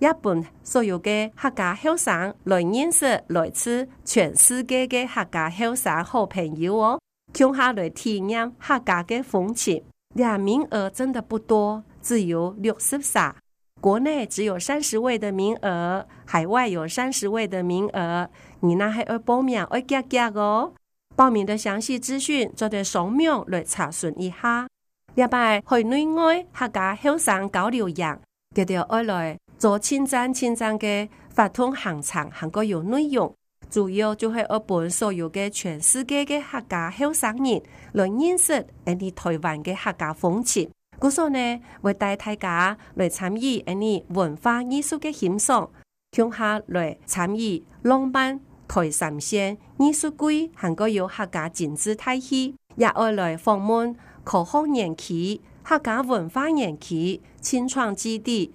日本所有的客家後生來認識、來知全世界的客家後生好朋友哦，鄉下來體驗客家的風情。倆名額真的不多，只有六十三。國內只有三十位的名額，海外有三十位的名額。你那還要報名，要加加哦。報名的詳細資訊，做點掃描來查詢一下。也拜海內外客家後生交流日，佢哋愛來。做千站千站的法通行程，韓國有內容，主要就係日本所有嘅全世界嘅客家後生人來認識呢啲台灣嘅客家風情。嗰所以呢，會帶大家來參與呢啲文化藝術嘅欣賞，向下來參與浪漫台三線藝術館，韓國有客家剪紙體系，也愛來訪問客家園區客家文化園區青創基地。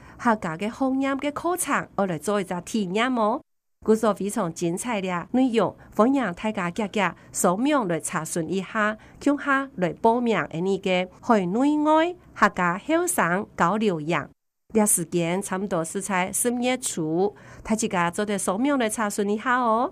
客家的方言嘅課程，我來做一個體驗哦。工作非常精彩嘅內容，歡迎大家家家掃描來查詢一下，叫下來報名。誒，你嘅海內外客家後山交流營，呢時間差不多是在十月初，大家做點掃描來查詢一下哦。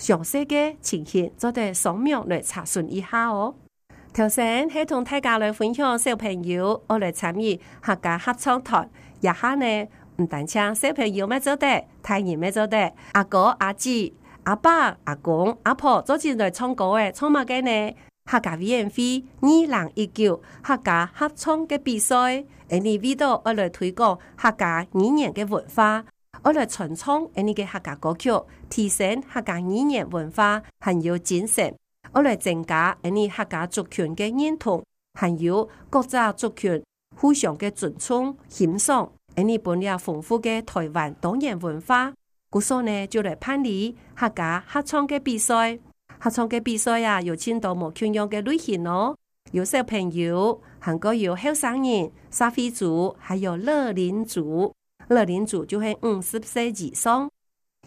詳細的情形，做啲掃描來查詢一下哦。頭先喺同大家嚟分享小朋友，我嚟參與客家合唱團。一下呢唔單唱小朋友咩做啲，大人咩做啲。阿哥阿姐、阿爸阿公阿婆，早前嚟唱歌嘅，唱埋嘅呢。客家 VNF 二零一九客家合唱嘅比賽，anyway 都我嚟推廣客家語言嘅文化，我嚟傳唱 any 嘅客家歌曲。提升客家語言文化很有精神。我來增加呢客家族群嘅認同，還有各家族群互相嘅尊重、欣賞，呢啲本有豐富嘅台灣多元文化。咁所呢就來攀理客家合唱嘅比賽，合唱嘅比賽啊，有簽到冇簽樣嘅旅行哦。有些朋友行過有後生人沙菲族，還有樂林族，樂林族就係五十歲以上。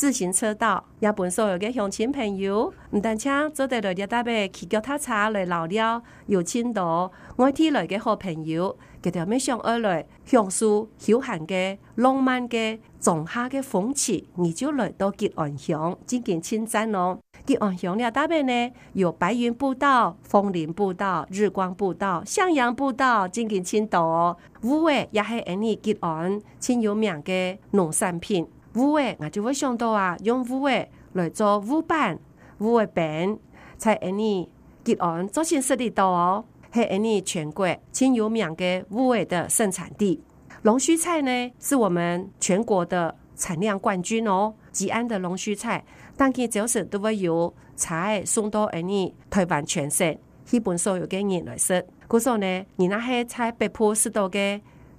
自行車道，也本所有的鄉親朋友唔單唱，走得來嘅大伯，企腳踏車來老了，又青道，外地來的好朋友，佢哋咪上而來，享受悠閒的、浪漫的、仲夏的風情，而就來到吉安鄉，進行青贊哦。吉安鄉，的話大伯呢？有白雲步道、楓林步道、日光步道、向陽步道，進行青道，五位也喺安里吉安，很有名的農產品。芋味我就會想到啊，用芋味來做芋板、芋味餅，喺尼吉安中心設立的哦，多，喺尼全國已有名個芋味的生產地。龍鬚菜呢,是我們全國的產量冠軍哦,吉安的龍鬚菜,但佢早時都會有菜送到喺尼台灣全省，基本上有嘅人來說，嗰時候呢，你家係菜北坡食到嘅。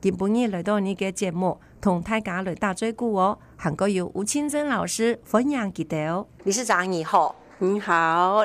今晡日來到你嘅節目，同台來大家嚟打招呼哦！行過由吳清真老師分享幾條。理事長你好，你好。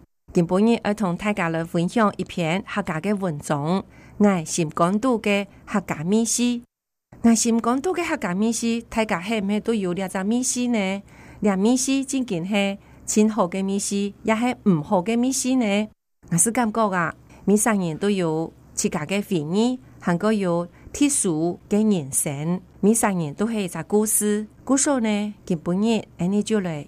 今日我同大家嚟分享一篇客家嘅文章，係新廣東嘅客家秘史。係新廣東嘅客家秘史，大家係唔係都有兩則秘史呢？兩秘史究竟係好嘅秘史，也係唔好嘅秘史呢？我是感覺啊，每三年都有自家嘅回憶，行過有特殊嘅眼神，每三年都係一個故事。故說呢，今日我今日就嚟。